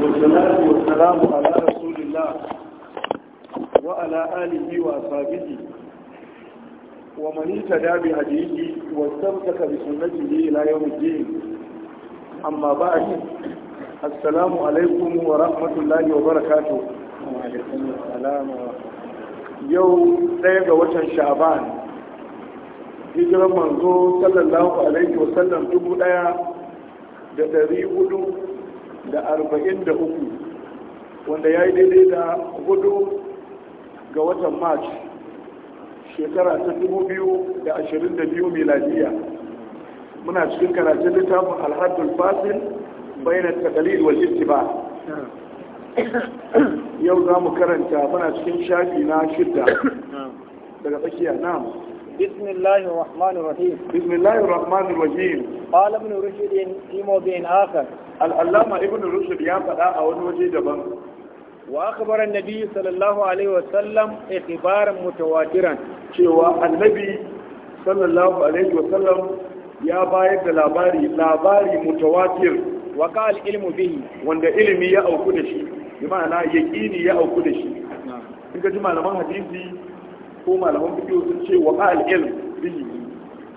wasalatu wasalamu ala rasulillah wa ala alihi wa sahbihi wa man tada bi hadihi wa samtaka bi sunnatihi ila yawmiddin amma ba'd assalamu alaikum wa rahmatullahi wa barakatuh yau ɗaya ga watan sha'ban hijiran manzo sallallahu alaihi wa sallam dubu ɗaya da ɗari hudu da arba'in da uku wanda ya yi daidai da hudu ga watan march shekara ta dubu biyu da ashirin da biyu miladiya muna cikin karatun littafin alhaddul fasil bayanar takalil wal ittiba yau za mu karanta muna cikin shafi na shidda daga tsakiya na. بسم الله الرحمن الرحيم بسم الله الرحمن الرحيم قال ابن رشد في موضع آخر العلامة ابن رشد يا فدا أو وجه دبن وأخبر النبي صلى الله عليه وسلم إخبارا متواترا شوى النبي صلى الله عليه وسلم يا بايد لاباري لاباري متواتر وقال علم به وند علمي يا أو كدشي بمعنى يقيني يا أو كدشي إنك جمع لما حديثي ko malaman fiqh sun ce wa ma'al ilm bihi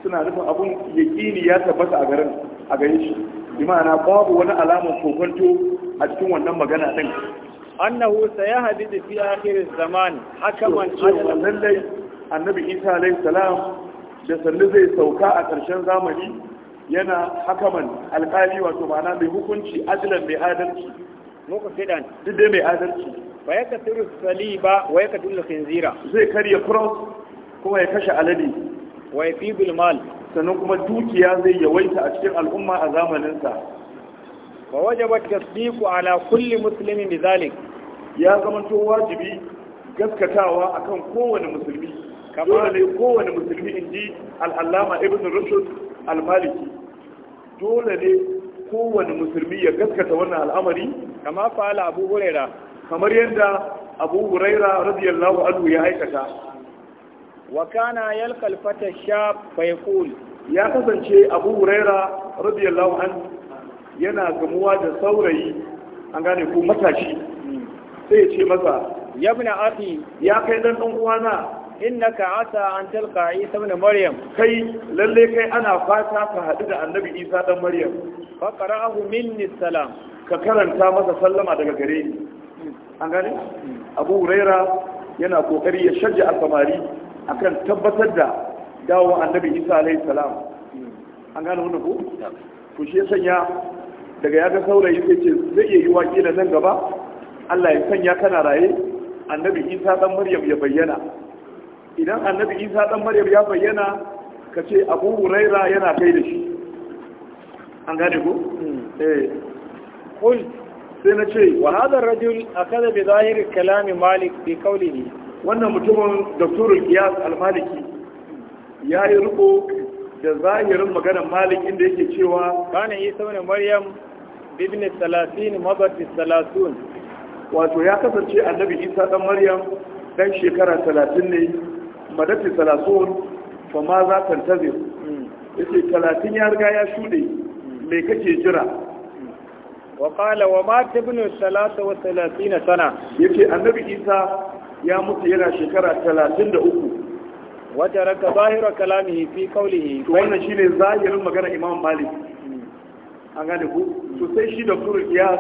suna nufin abun yaqini ya tabbata a garin a gare shi bi ma'ana babu wani alamar kokonto a cikin wannan magana din annahu sayahdi fi akhir zaman hakaman cewa lallai annabi Isa alayhi salam da sannu zai sauka a ƙarshen zamani yana hakaman alƙali wato ma'ana mai hukunci ajilan mai adalci muka kidan duk dai mai adalci wa ya kasiru saliba wa ya kasiru khinzira zai karya cross kuma ya kashe alade wa ya fi bilmal sannan kuma dukiya zai yawaita a cikin al'umma a zamaninsa wa wajaba tasdiqu ala kulli muslimin bidhalik ya zamanto wajibi gaskatawa akan kowane musulmi kamar ne kowane musulmi inji al-allama ibn rushd al-maliki dole ne kowane musulmi ya gaskata wannan al'amari kama fa'ala abu hurairah kamar yadda abu huraira radiyallahu anhu ya aikata wa kana yalqal fata shab fa ya kasance abu huraira radiyallahu anhu yana gamuwa da saurayi an gane ko matashi sai ya ce masa yabna afi ya kai dan dan uwana innaka asa an talqa isa ibn maryam kai lalle kai ana fata ka hadu da annabi isa dan maryam fa qara'ahu minni salam ka karanta masa sallama daga gare ni an gane abu huraira yana kokari ya shajja al a akan tabbatar da dawon annabi isa alai salam an gane wannan ko to shi ya sanya daga ya ga saurayi sai ce zai yi waƙi da nan gaba Allah ya sanya kana raye annabi isa dan maryam ya bayyana idan annabi isa dan maryam ya bayyana ka ce abu huraira yana kai da shi an gane ko hmm. eh sai na ce wa hadar rajul kada bi zahir kalami malik bi ne wannan mutumin doktorul Giyas al-maliki ya yi riko da zahirin maganar malik inda yake cewa Bana yi ne maryam ibn salasin mabati salasun wato ya kasance annabi isa dan maryam dan shekara talatin ne madati salasun fa ma za ta tazir hmm. yace talatin ya riga ya shude me kake jira wa qala wa mata ibn na sana ce annabi isa ya mutu yana shekara talatin da uku. wata raka zahira kalami fi qawlihi wannan ne zahirin magana imam malik hmm. an gane ku to sai shi da ya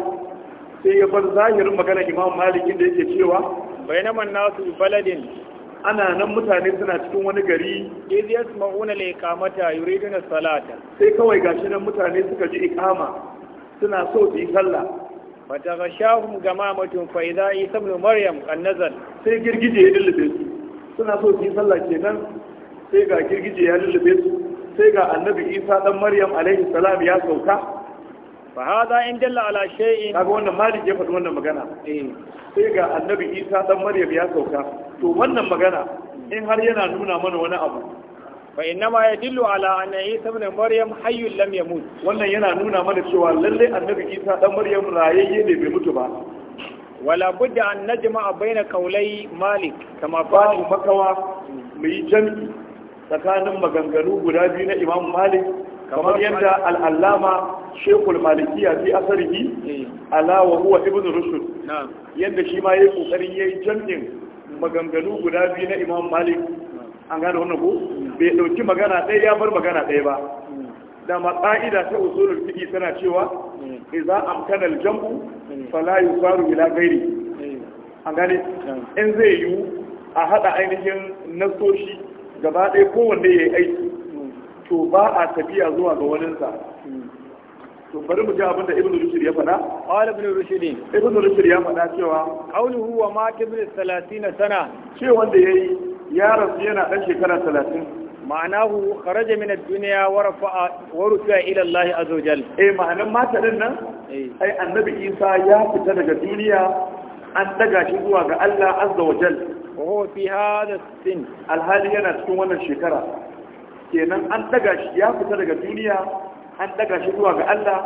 sai ya bar zahirin magana imam malik inda yake cewa man nasu baladin ana nan mutane suna cikin wani gari iz yasma'una li iqamata yuriduna salata sai kawai gashi nan mutane suka ji ikama. suna so su yi sallah ga gashahun gama mutum fa'iza isa ibn maryam annazal sai girgije ya lullube su suna so su yi sallah kenan sai ga girgije ya lullube su sai ga annabi isa dan maryam alaihi salam ya sauka fa hada in dalla ala shay'in kaga wannan malik ya faɗi wannan magana eh. sai ga annabi isa dan maryam ya sauka to wannan magana in har yana nuna mana wani abu fa inna ma dillu ala anna isa ibn maryam hayyul lam yamut wannan yana nuna mana cewa lalle annabi isa dan maryam rayayye ne bai mutu ba wala budda an najma baina qawlai malik kama ba makawa mu yi jami'i tsakanin maganganu guda biyu na imam malik kamar yadda al'allama shekul malikiya fi asarihi eh. ala wa huwa ibn rushd yadda shi ma yayi kokarin yayi jami'in maganganu guda biyu na imam malik an gane wannan ko hmm. bai dauki magana ɗaya ya bar magana ɗaya ba hmm. da matsa'ida ta usulul fiqi tana cewa hmm. idza amkana al-jam'u fala faru ila ghairi hmm. an gane in zai yi a hada ainihin nasoshi gaba ɗaya kowanne yayi aiki to ba a tafiya zuwa ga waninsa to bari mu ji abin da ibnu rushd ya faɗa qala ibnu rushd ibnu rushd ya faɗa cewa qawluhu wa ma kibr 30 sana ce wanda yayi ya rasu yana ɗan shekara talatin ma'anahu kharaja min ad-dunya wa rafa'a wa rufi'a ila Allah azza wajal eh ma'anan mata din nan eh. ai annabi Isa ya fita daga duniya an daga shi zuwa ga Allah azza wajal wa huwa fi hadha sin alhali yana cikin wannan shekara kenan an daga shi ya fita daga duniya an daga shi zuwa ga Allah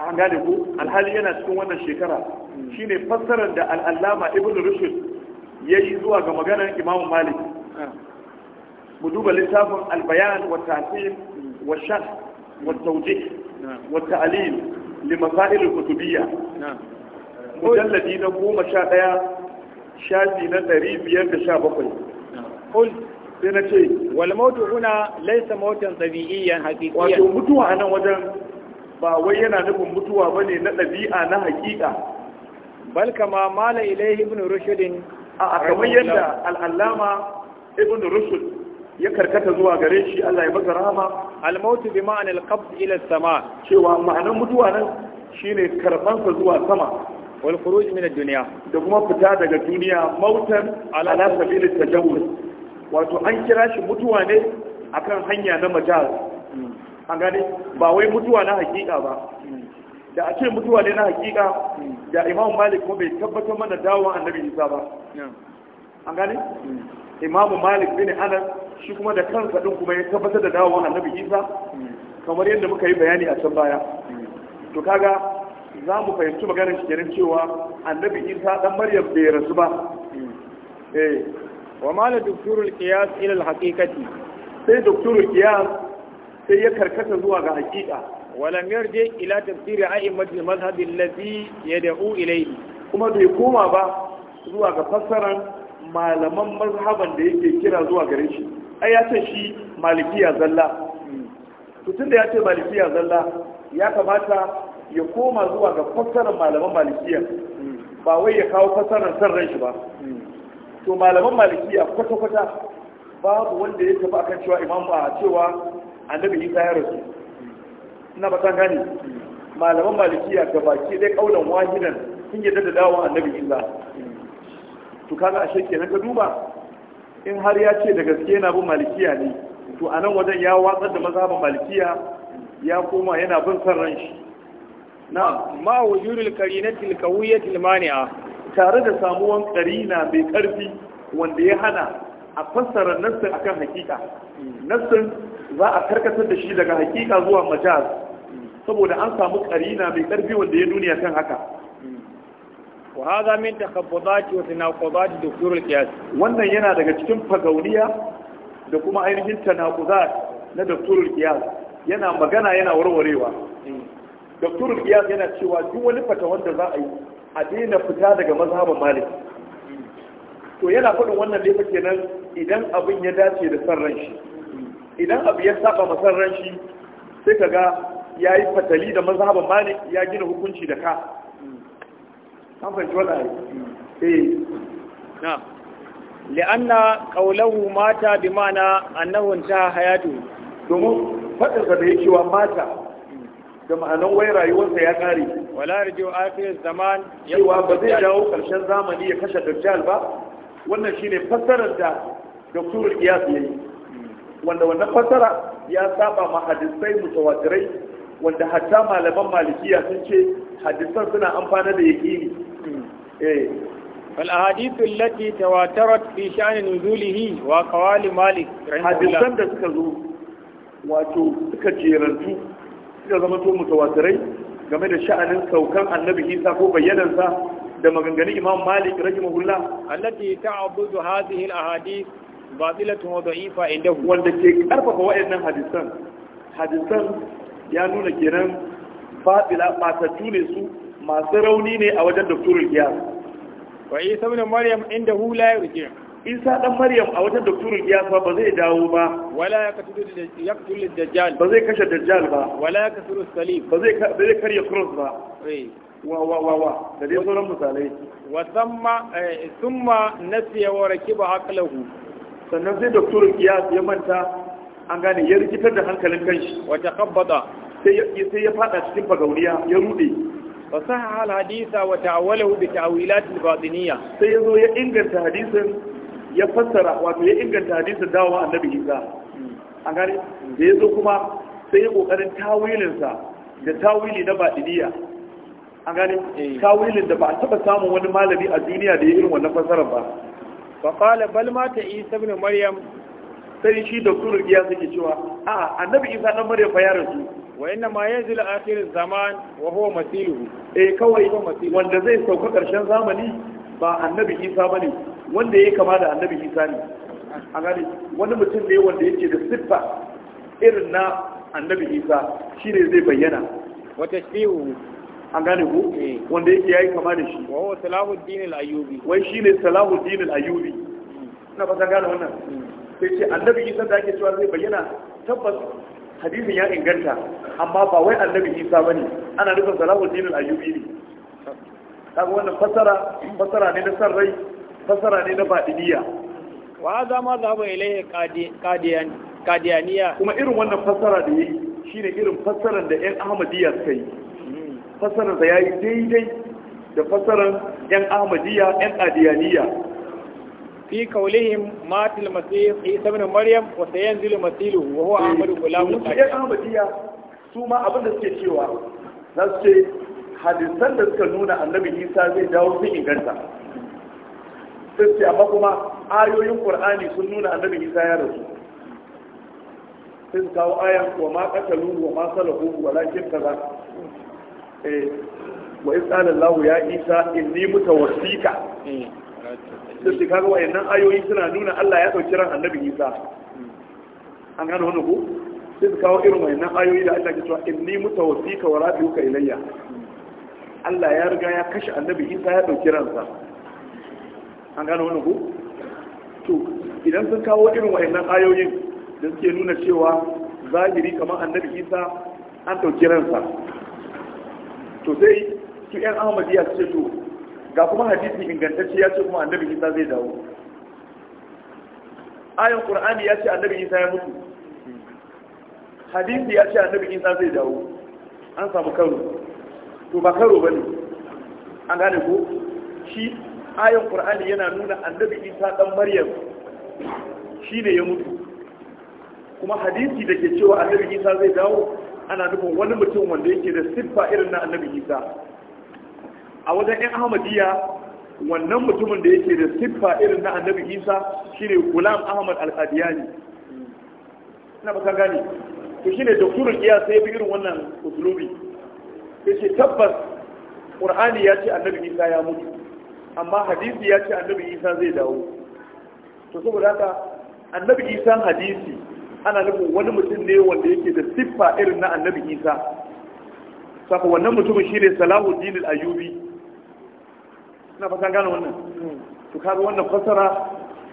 an gane ko alhali yana cikin wannan shekara hmm. shine fassarar da al-allama ibnu rushd ya yi zuwa ga maganar imamu malik ah. mu duba littafin albayan wa tasir wa shah wa hmm. tawjih ah. wa ta'lil li masail al-kutubiyya ah. mujalladi na goma sha ɗaya shafi na ɗari biyar da sha bakwai sai na ce wal mautu huna laisa mautan tabi'iyyan haqiqiyyan wato mutuwa a nan wajen ba wai yana nufin mutuwa bane na ɗabi'a na haƙiƙa bal kama mala ilaihi ibn rushdin a kamar yadda al'allama ibn rushd ya karkata zuwa gare shi Allah ya baka rahama al-mautu bi ma'an al-qabd ila sama cewa ma'anar mutuwa nan shine karban sa zuwa sama wal khuruj min ad-dunya da kuma fita daga duniya mautan ala sabil at-tajawuz wato an kira shi mutuwa ne akan hanya na majaz hmm. an gane ba wai mutuwa na hakika ba hmm. da a ce mutuwa ne na hakika da imam malik kuma bai tabbatar mana dawon annabi isa ba an gane imamu malik bin anas shi kuma da kansa din kuma ya tabbatar da dawon annabi isa kamar yadda muka yi bayani a can baya to kaga za mu fahimci maganar shi kenan cewa annabi isa dan maryam bai rasu ba eh wa mala doktorul qiyas ila al haqiqati sai doktorul qiyas sai ya karkata zuwa ga hakika walam yarje ila tafsiri a'immatul mazhab allazi yad'u ilayhi kuma bai koma ba zuwa ga fassaran malaman da yake kira zuwa gare shi ai ya ce shi malikiya zalla to tunda ya ce malikiya zalla ya kamata ya koma zuwa ga fassaran malaman malikiya ba wai ya kawo fassarar san ran shi ba to malaman malikiya kwata-kwata babu wanda ya tafi akan cewa imamu a cewa annabi isa ya rasu na ba gani malaman malikiya ga baki dai kaulan wahidan sun yadda da dawon annabi illa to kaga ashe kenan ka duba in har ya ce da gaske yana bin malikiya ne to a nan wajen ya watsar da mazhabin malikiya ya koma yana bin san ran shi na ma wujudul qarinatil qawiyatil mani'a tare da samuwan na mai karfi wanda ya hana a fassara nassin akan hakika nassin za a karkatar da shi daga hakika zuwa majaz saboda an samu karina mai karfi wanda ya duniya kan haka wa hadha min takhabbudati wa tanaqudati duktur al-qiyas wannan yana daga cikin fagauniya da kuma ainihin tanaqudat na duktur al yana magana yana warwarewa duktur al yana cewa duk wani fata wanda za a yi a daina fita daga mazhabin maliki to yana faɗin wannan ne fa kenan idan abin ya dace da san ran shi idan abu ya saba ma san ran shi sai kaga yayi fatali da mazhaban malik ya gina hukunci da ka an fahimci wannan eh li'anna qawluhu mata bi بمعنى annahu ta hayatu domin faɗinsa da ya cewa mata da ma'anan wai rayuwarsa ya kare wala rijo afiyar zaman cewa ba zai dawo ƙarshen zamani ya kashe dajjal ba wannan shine fassarar da da surul qiyas yayi wanda wannan fasara ya saba ma hadisai mutawatirai wanda hatta malaman malikiya sun ce hadisan suna amfana da yaqini eh fal ahadithu allati tawatarat fi sha'ni nuzulihi wa qawali malik hadisan da suka zo wato suka jerantu suka zama to mutawatirai game da sha'anin saukan annabi Isa ko bayyanansa da maganganun Imam Malik rahimahullah allati ta'budu hadhihi al ahadith batilatun wa da'ifa inda wanda ke karfafa wayannan hadisan hadisan ya nuna kenan batila masu ne su masu rauni ne a wajen doktorul giya. wa isa ibn maryam inda ya la yurji isa dan maryam a wajen doktorul qiyas ba zai dawo ba wala yaqtul dajjal ba zai kashe dajjal ba wala yakasuru salib ba zai ba zai karya cross ba wa wa wa wa da dai sauran misalai wa thumma eh, thumma nasiya wa rakiba aqlahu sannan sai doktor kiyas ya manta an gane ya rikitar da hankalin kanshi wata kabbada sai ya fada cikin fagauniya ya rude fasaha al hadisa wa ta'awalahu bi ta'wilat al batiniyya sai yazo ya inganta hadisin ya fassara wato ya inganta hadisin dawowa annabi Isa an gane da yazo kuma sai ya kokarin tawilin sa da tawili na batiniyya an gane eh. tawilin da ba a taba samun wani malami a duniya da ya irin wannan fassarar ba faƙala balmata isa bin maryam sai shi da kurugiya suke cewa a annabi isa dan maryam fa ya rasu wa inna ma yanzilu akhir zaman wa huwa masiluhu eh kawai ba masilu wanda zai sauka karshen zamani ba annabi isa bane wanda yake kama da annabi isa ne a gani wani mutum ne wanda yake da siffa irin na annabi isa shine zai bayyana wa tashbihu an gane ku eh. wanda yake yayi kama da shi wa salahuddin al-ayyubi wai shine salahuddin al-ayyubi ina ta gane wannan hmm. sai ce annabi isa da ake cewa zai bayyana tabbas hadisin ya inganta amma ba wai annabi isa bane ana nufin salahuddin al-ayyubi ne kaga wannan fasara fasara ne na san rai fasara ne na badiniya wa za ma za mu ilaihi qadiyan qadiyaniya kuma irin wannan fasara da yake shine irin fasaran da ƴan ahmadiyya suka yi Fasarar da ya yi daidai da fasarar yan ahmadiyya yan adiyaniya fi kaulihim matil masih isa ibn maryam wa sayanzilu masilu wa huwa ahmadu eh, gulam yan ahmadiyya su ma abin da suke cewa na su ce hadisan da suka nuna annabi isa zai dawo sun inganta Sun ce amma kuma ayoyin qur'ani sun nuna annabi isa ya rasu sun kawo ayan wa ma qatalu wa ma salahu walakin kaza Eh, wa isa'ala Allah ya isa inni to shi eh. kaga wayannan ayoyi suna nuna Allah ya dauki ran annabi Isa an gano wannan ko sai su kawo irin wayannan ayoyi da Allah ke cewa inni mutawaffika wa rabbuka ilayya Allah ya riga ya kashe annabi Isa ya dauki ransa an gano wannan ko to idan sun kawo irin wayannan ayoyin da suke nuna cewa zahiri kamar annabi Isa an dauki ransa to sai su yan ahmadiyya ya ce to ga kuma hadisi ingantacce ya ce kuma annabi isa zai dawo ayan qur'ani ya ce annabi isa ya mutu hadisi ya ce annabi isa zai dawo an samu karo to ba karo bane an gane ko shi ayan qur'ani yana nuna annabi isa dan maryam shi ne ya mutu kuma hadisi da ke cewa annabi isa zai dawo ana nufin wani mutum wanda yake da siffa irin na annabi isa a wajen yan ahmadiyya wannan mutumin da yake da siffa irin na annabi isa shine gulam ahmad al-qadiyani ina ba gane to shine doktorin iya sai bi irin wannan usulubi yace tabbas qur'ani ya ce annabi isa ya mutu amma hadisi ya ce annabi isa zai dawo to saboda haka annabi isa hadisi ana nufin wani mutum ne wanda yake da siffa irin na annabi isa saka wannan mutumin shi ne salahu dinin ayubi ina fata gane wannan to kaga wannan fasara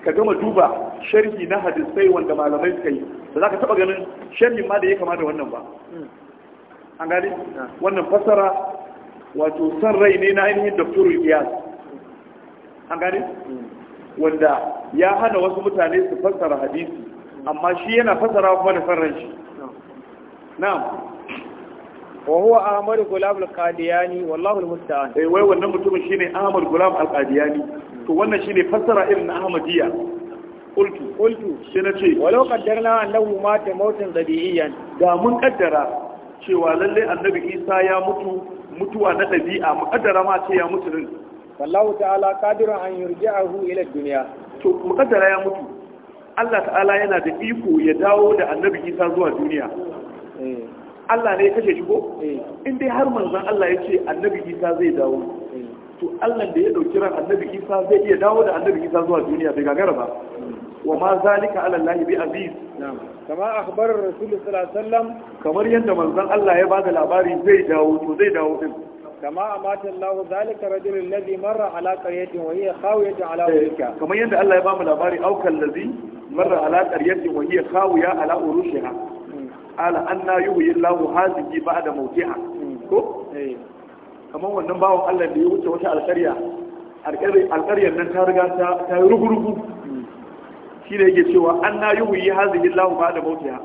ka gama duba sharhi na hadisai wanda malamai suka yi ba za ka taba ganin sharhin ma da ya kama da wannan ba an gani wannan fasara wato san rai ne na ainihin furu qiyas an gani wanda ya hana wasu mutane su fassara hadisi amma shi yana fasara kuma da san shi na'am wa huwa ahmad gulam al-qadiyani wallahu al-musta'an eh wai wannan mutumin shine ahmad gulam al-qadiyani to wannan shine fasara irin ahmadiyya qultu qultu sai na ce walau qaddarna annahu mata mautan dabi'iyan da mun kaddara cewa lalle annabi isa ya mutu mutuwa na dabi'a mu kaddara ma ce ya mutu din wallahu ta'ala qadirun an yurji'ahu ila dunya to mu kaddara ya mutu Allah ta'ala yana da iko ya dawo da annabi isa zuwa duniya eh. Allah ne ya kashe shi ko eh. in dai har manzan Allah ya ce annabi isa zai dawo eh. to Allah da ya dauki ran annabi isa zai iya dawo da annabi isa zuwa duniya bai gagara ba hmm. wa ma zalika ala Allah bi aziz kama akhbar rasul sallallahu alaihi wasallam kamar yadda manzan Allah ya bada labari zai dawo to zai dawo din كما أمات الله ذلك الرجل الذي مر على قرية وهي خاوية على ذلك كما يند الله يبام الأباري أو كالذي marra ala qaryatin ya hiya khawiya ala urushiha ala anna yuhyi Allahu hadhihi ba'da mawtiha ko kamar wannan bawon Allah da ya wuce wata alƙarya alƙaryar nan ta riga ta yi rugurugu shi ne yake cewa an na anna yuhyi hadhihi Allahu ba'da mawtiha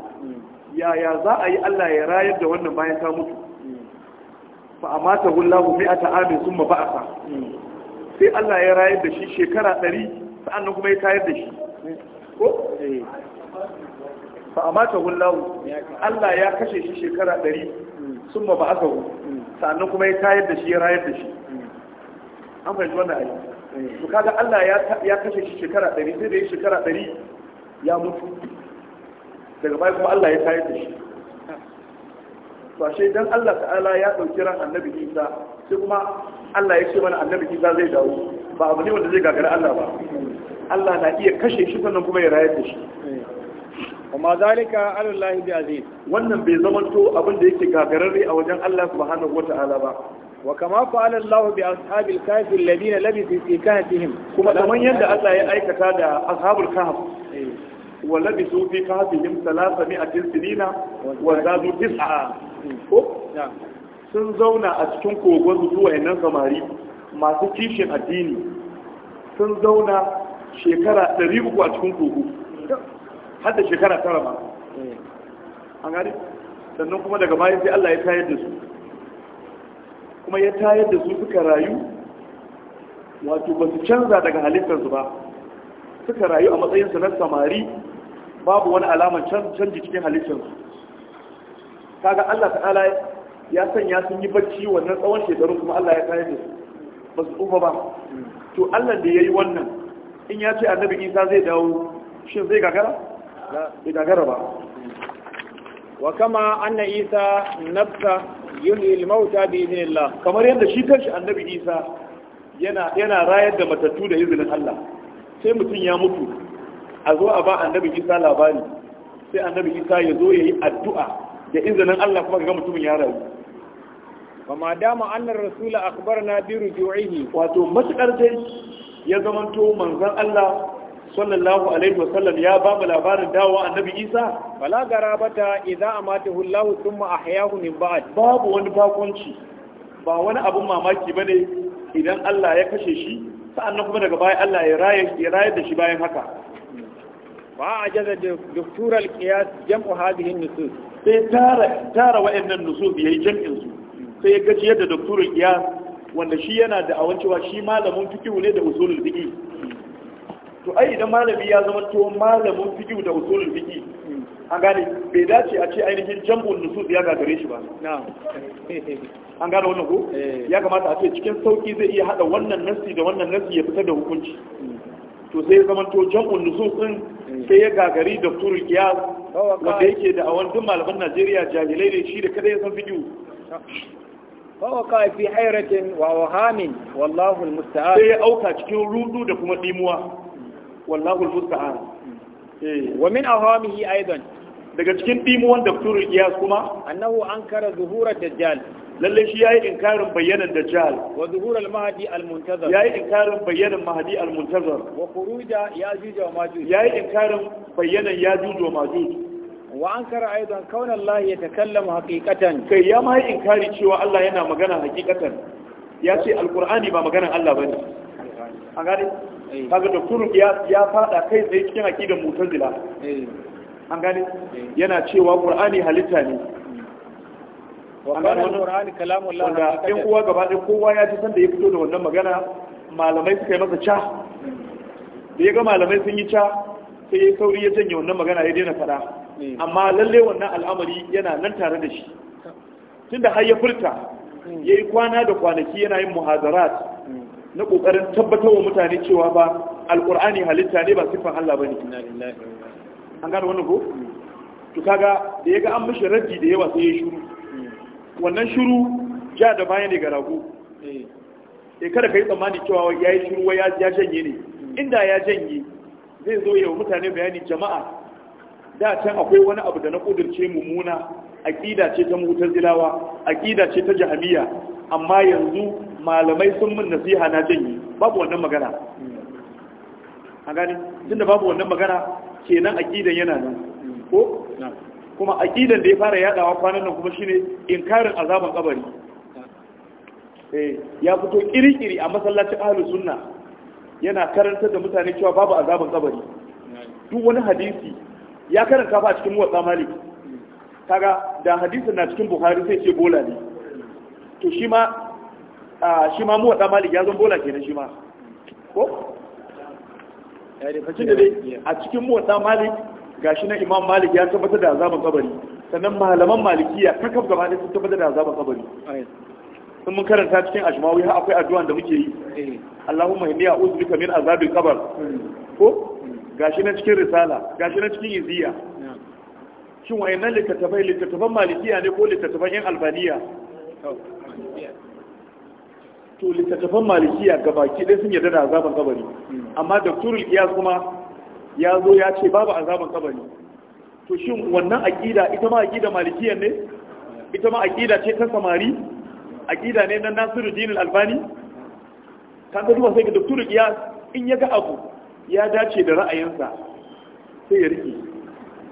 yaya za a yi Allah ya rayar da wannan bayan ta mutu fa amatahu Allahu mi'ata amin thumma ba'atha sai Allah ya rayar da shi shekara 100 sa'annan kuma ya tayar da shi ko eh. fa amata wallahu Allah ya kashe shi shekara ɗari, sun ba aka hu hmm. sannan kuma ya tayar da shi ya rayar da shi hmm. an fahimci wannan ayi eh. to kaga Allah ya kashe shi shekara ɗari, sai da ya shekara ɗari ya mutu daga baya kuma Allah ya tayar da shi to ashe dan Allah ta'ala ya dauki ran annabi Isa sai kuma Allah ya ce mana annabi Isa zai dawo ba abu ne wanda zai gagara Allah ba hmm. Allah na iya kashe shi sannan kuma ya rayar da shi amma zalika alallahi bi aziz wannan bai zama to abin da yake gagararre a wajen Allah subhanahu ta'ala ba wa kama fa'ala Allah bi ashabil kahf alladhina labisu fi kahfihim kuma kaman yadda Allah ya aikata da ashabul kahf eh. wa labisu fi kahfihim 300 sinina wa zadu tis'a hmm. ko sun zauna a cikin kogon zuwa yannan samari masu kishin addini sun zauna shekara 300 a cikin kogo har da shekara tara ma eh. an gani sannan kuma daga bayan sai Allah ya tayar da su kuma ya tayar da su suka rayu wato ba su canza daga halittarsu ba suka rayu a matsayinsu na samari babu wani alamar canji cikin halittarsu kaga Allah ta'ala ya sanya sun yi bacci wannan tsawon shekaru kuma Allah ya tayar da su ba su tsufa ba hmm. to Allah da ya yi wannan in ya ce annabi isa zai dawo shi zai gagara? bai gagara ba wa kama anna isa nafsa yulil mauta bi idinillah kamar yadda shi kanshi annabi isa yana yana rayar da matattu da izinin Allah sai mutum ya mutu a zo a ba annabi isa labari sai annabi isa ya zo ya yi addu'a da izinin Allah kuma ga mutumin ya rayu wa ma dama annar rasula akhbarna bi ruju'ihi wato matakar dai ya zamanto manzon Allah sallallahu alaihi wasallam ya ba mu labarin dawo annabi Isa bala garabata idza amatahu Allah thumma ahyahu min ba'd babu wani bakonci ba wani abun mamaki bane idan Allah ya kashe shi sa'annan kuma daga baya Allah ya raye ya raye da shi bayan haka a ajaza doktor al-qiyas jam'u hadhihi an-nusus sai tara tara wa'annan nusus yayi jam'in su sai ya gaji yadda doktor al-qiyas wanda shi yana da awan cewa shi malamin fikihu ne da usulul fiqi to ai idan malami ya zama to malamin fikihu da usulul fiqi an gane bai dace a ce ainihin jambul nusus ya gagare shi ba an gane wannan ko eh. ya kamata a ce cikin sauki zai iya hada wannan nasi da wannan nasi ya fitar da hukunci to sai zaman to jam'un nusus din eh. sai ya gagari da turul qiyas wanda yake da awan duk malaman Najeriya jahilai ne shi da kada ya san fiqh فوقع في حيرة ووهام والله المستعان سي أوكا تكيو رودو دكما ديموا والله المستعان ومن أهامه أيضا daga cikin dimuwan da fitur iyas kuma annahu ankara zuhurar dajjal lalle shi yayi inkarin bayyanan dajjal wa zuhurar mahdi al-muntazar yayi inkarin bayyanan mahdi al-muntazar wa khuruja yajuj wa majuj yayi inkarin bayyanan yajuj wa majuj wa an kara aidan kauna Allah ya takallamu haqiqatan kai ya ma inkari cewa Allah yana magana haqiqatan ya ce alqur'ani ba maganan Allah bane an gane eh. kaga da kunu ya ya fada kai tsaye cikin aqidar mu'tazila eh. an gane eh. yana cewa qur'ani halitta ne Wannan gane qur'ani kalamullah Allah in gaba kowa ya ji san da ya fito da wannan magana malamai suka yi masa ca da ya ga malamai sun yi ca sai ya sauri ya janye wannan magana ya daina fada. Hmm. amma lalle wannan al'amari yana nan tare da shi tunda har ya furta hmm. ya yi kwana da kwanaki yana yin muhazarat hmm. na kokarin tabbatar wa mutane cewa ba alkur'ani halitta ne ba siffan Allah ba ne an gane wannan ko to kaga da ya ga an mishi raddi da yawa sai ya shuru wannan shuru ja da baya ne ga rago eh, eh kada yi tsammani cewa ya yi shuru ya janye ne inda ya janye zai zo yawa mutane bayani jama'a da can akwai wani abu da na kudurce mummuna aqida ce ta mutazilawa aqida ce ta jahabiyya amma yanzu malamai sun min nasiha na janye babu wannan magana a gani tunda babu wannan magana kenan aqidan yana nan ko kuma aqidan da ya fara yadawa kwanan nan kuma shine inkarin azaban kabari eh ya fito kirikiri a masallacin ahlus sunna yana karantar da mutane cewa babu azaban kabari duk wani hadisi ya karanta fa a cikin muwatta malik kaga da hadisin na cikin Buhari sai ce bola ne to shi ma shi ma muwatta malik ya zan bola kenan shi ma ko a cikin muwatta malik shi na imam malik ya tabbata da azaban kabari sannan malaman malikiya kakaf gaba ne sun tabbata da azaban kabari sun mun karanta cikin ashmawi har akwai addu'an da muke yi eh. Allahumma inni a'udhu bika min azabil qabr hmm. ko gashi na cikin risala gashi na cikin iziya shin wayannan littattafai littattafan malikiya ne ko littattafan yan albaniya to littattafan malikiya ga baki ɗaya sun yarda da azaban kabari hmm. amma doktorul iyas kuma ya zo ya ce babu azaban kabari to shi wannan aƙida ita ma aƙida malikiyan ne ita ma aƙida ce ta samari aƙida ne na nasiru dinin albani kan ka duba sai ga doktorul iyas in ya ga abu ya dace da ra'ayinsa sai ya rike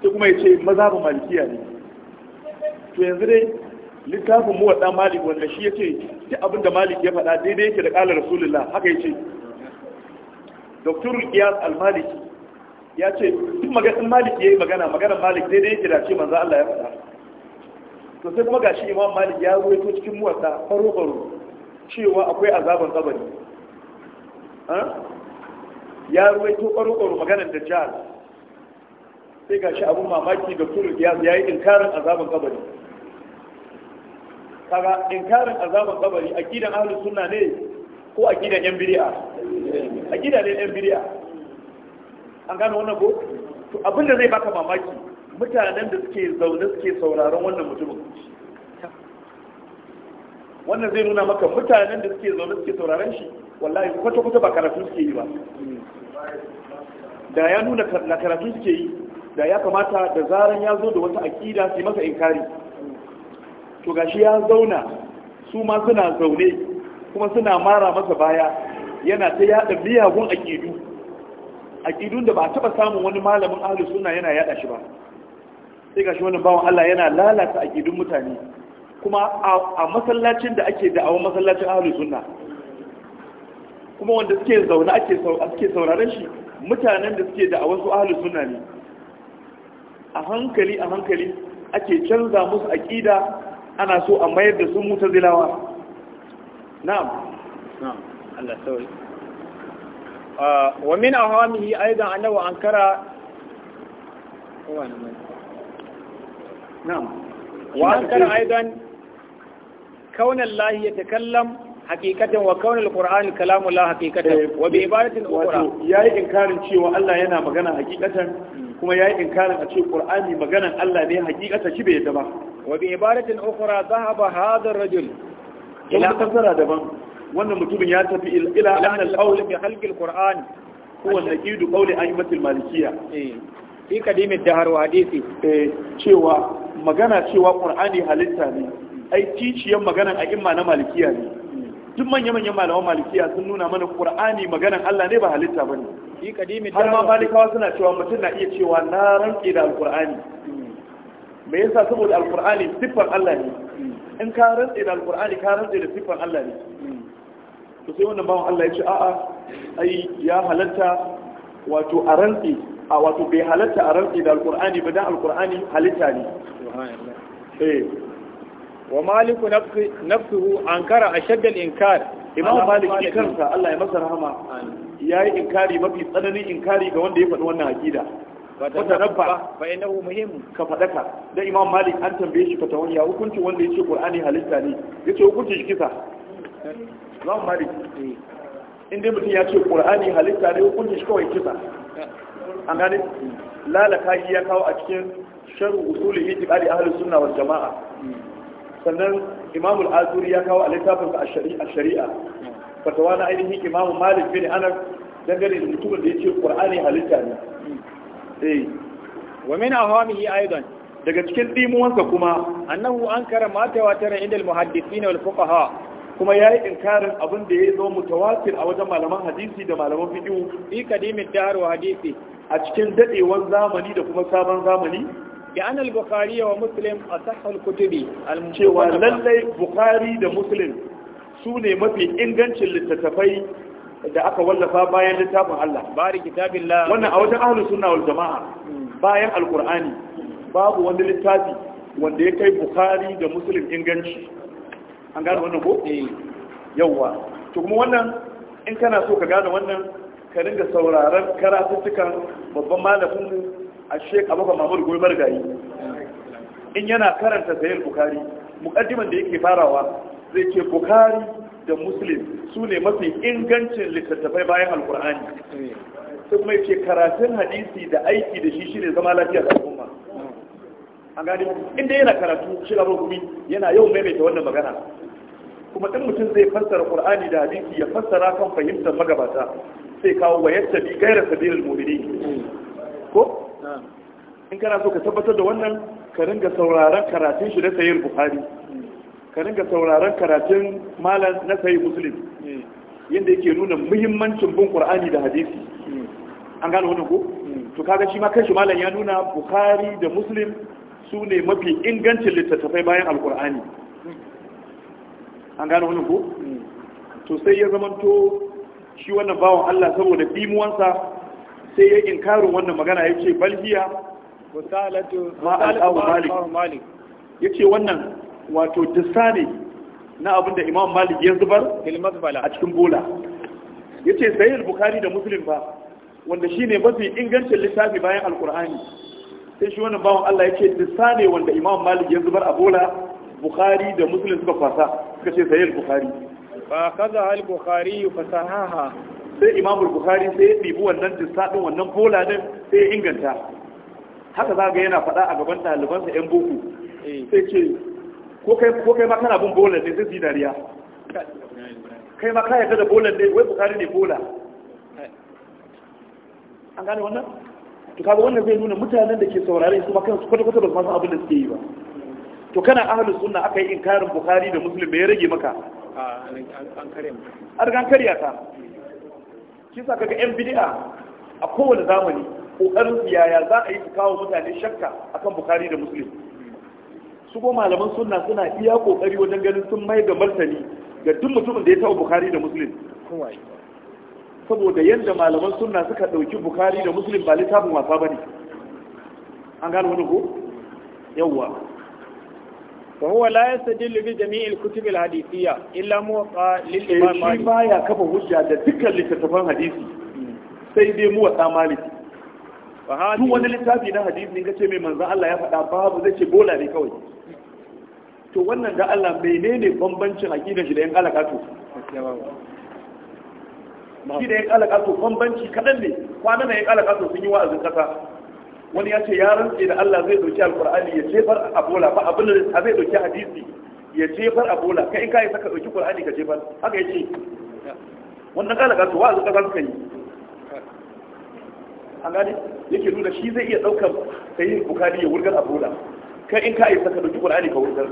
sai kuma ya ce mazhabin malikiya ne to yanzu dai littafin wadda malik wanda shi ya ce duk abin da malik ya faɗa daidai yake da ƙalar rasulullah haka ya ce doktorul iyas al-maliki ya ce duk maganin malik ya yi magana maganar malik daidai yake da ce manzo allah ya faɗa to sai kuma gashi imam malik ya ruwaito cikin muwadda faro-faro cewa akwai azaban kabari ya to ƙwaro-ƙwaro maganar da jihar sai ga shi abin mamaki da turu ya yi inkarin azabin kabari kaga inkarin azabin kabari a gidan ahalus sunna ne ko a gidan yan biri'a a gidan yan biri'a an gano wannan ko to abin da zai baka mamaki mutanen da suke zaune suke sauraron wannan mutumin wannan zai nuna maka mutanen da suke zaune suke sauraron shi wallahi kwata kwata ba karatu suke yi ba da ya nuna na karatu suke yi da ya kamata da zaran ya zo da wata aƙida su masa inkari to gashi ya zauna su ma suna zaune kuma suna mara masa baya yana ta yada miyagun aƙidu aƙidun da ba a taɓa samun wani malamin ahli suna yana yada shi ba sai gashi wani bawan Allah yana lalata aƙidun mutane kuma a masallacin da ake da'awar masallacin ahli sunna kuma wanda suke zaune ake sauraron shi mutanen da suke da a wasu ahalus suna ne a hankali a hankali ake canza musu aƙida ana so a mayar da su mutazilawa na'am na'am Allah sauri ah, wa min awamihi aidan annahu ankara na'am wa ankara aidan kaunan lahi ya takallam hakikatan wa kaunul qur'ani kalamullah hakikatan eh, wa bi ibadatin ukhra yayi inkarin cewa Allah yana magana hakikatan kuma yayi inkarin a ce qur'ani maganan Allah ne hakikatan shi bai yadda ba wa bi ibadatin ukhra dhahaba hadha ar-rajul ila tafsira daban wannan mutumin ya tafi ila an al-qawl bi khalqi al-qur'an huwa naqidu qawli a'immati al-malikiyya eh, fi qadim ad-dahr wa hadisi eh, cewa magana cewa qur'ani halitta ne ai kiciyan maganan a'imma na malikiya ne duk manya-manyan malaman malikiya sun nuna mana qur'ani maganan Allah ne ba halitta bane ne. kadimi har ma malikawa suna cewa mutum na iya cewa na ranke da alqur'ani me yasa saboda alqur'ani siffar Allah ne in ka rantse da alqur'ani ka rantse da siffar Allah ne to sai wannan bawan Allah ya ce a'a ai ya halatta wato a rantse a wato bai halatta a rantse da alqur'ani ba dan alqur'ani halitta ne eh wa maliku nafsuhu ankara ashaddal inkar imam malik shi kansa Allah ya masa rahama yayi inkari mafi tsananin inkari ga wanda ya faɗi wannan aqida wata rabba fa innahu muhim ka fadaka da imam malik an tambaye shi fatawan ya hukunci wanda yace qur'ani halitta ne yace hukunci shi kisa imam malik eh. in dai mutum ya ce qur'ani halitta ne hukunci shi kawai kisa an gane lalaka ya kawo a cikin sharu usuli ijtihadi ahlus sunna wal jamaa hmm. sannan imam al ya kawo a littafinsa a shari'a fatawa na ainihin imam malik bin anas dangane da mutumin da ya ce qur'ani halitta ne eh wa min yi aidan daga cikin dimuwansa kuma annahu ankara ma tawatara inda al na wal fuqaha kuma ya yi inkarin abin da ya zo mutawatir a wajen malaman hadisi da malaman fiqh fi qadimin hadisi a cikin daɗewan zamani da kuma sabon zamani لأن البخاري ومسلم أصح الكتب cewa lallai Bukhari da Muslim su ne mafi ingancin littattafai da aka wallafa bayan littafin Allah bari kitabillah wannan a wajen ahlus sunna wal jamaa hmm. bayan alqur'ani babu wani littafi wanda ya kai Bukhari da Muslim inganci an gane wannan ko eh yawa to kuma wannan in kana so ka gane wannan ka dinga sauraron karatuttukan babban malamin a shek abokan mamur goyi margayi in yana karanta sayar bukari mukaddiman da yake farawa zai ce bukari da muslim su ne mafi ingancin littattafai bayan alkur'ani sai kuma yake karatun hadisi da aiki da shi shi ne zama lafiya al'umma an gani inda yana karatu shi gaba gumi yana yau maimaita wannan magana kuma ɗin mutum zai fassara ƙur'ani da hadisi ya fassara kan fahimtar magabata sai kawo wa bi gaira sabirin mu'minin ko in kana so ka tabbatar da wannan ka ga sauraron karatun shi na sayar Buhari. ka ga sauraron karatun malam na sayi musulun hmm. yadda yake nuna muhimmancin bin ƙwar'ani da hadisi hmm. an gano wannan ko hmm. to kaga shi ma kanshi malam ya nuna Buhari da musulun su ne mafi ingancin littattafai bayan alƙwar'ani an gano wannan ko to sai ya zamanto shi wannan bawan Allah saboda bimuwansa. sai ya inkarin wannan magana ya ce balhiya ma'al'awu malik ya ce wannan wato dissa ne na abin da imam malik ya zubar a cikin bola ya ce sayi bukari da musulun ba wanda shi ne mafi ingancin littafi bayan alkur'ani sai shi wannan bawan allah ya ce dissa ne wanda imam malik ya zubar a bola bukari da musulun suka kwasa suka ce sayi bukari ba kaza al-bukhari fasahaha sai imamul Buhari sai ya ɗibi wannan dinsaɗin wannan bola nan sai ya inganta haka za ga yana faɗa a gaban ɗalibansa 'yan boko eh. sai ce ko kai ma kana bin bola ne sai su dariya kai ma ka da bola ne wai bukari ne bola an gane wannan to kaga wannan zai nuna mutanen da ke saurare su ma kansu kwata-kwata ba su san abin da suke yi ba to kana ahlus sunna aka yi inkarin bukhari da muslim bai rage maka an kare maka an kariya ta shi sa kaga yan bid'a a kowane zamani kokarin yaya za a yi su kawo mutane shakka akan bukari da muslim su ko malaman sunna suna iya kokari wajen ganin sun mai da martani ga duk mutumin da ya taɓa bukari da muslim saboda yadda malaman sunna suka ɗauki bukari da muslim ba littafin wasa ba ne an gano wani ko yawwa وهو jami'in يستدل بجميع الكتب الحديثية إلا موقع للإمام eh, مالك ما يا كفا وجه ده ذكر لكتفان حديثي سيدي موقع مالك duk wani littafi na hadisi ne ce mai manzo Allah ya faɗa babu zai ce bola ne kawai to wannan da Allah menene bambancin aqidar shi da yan alaka to shi da yan alaka to bambanci kadan ne kwana da yan alaka to sun yi wa'azin kasa wani ya ce ya rantse da Allah zai dauki alkur'ani ya jefar a bola ba abin da zai dauki hadisi ya jefar a bola kai in kai saka dauki qur'ani ka jefar haka yace wannan kala ka to wa'azu kaza suka yi an gani yake nuna shi zai iya daukar sai bukari ya wurgar a bola kai in kai saka dauki qur'ani ka wurgar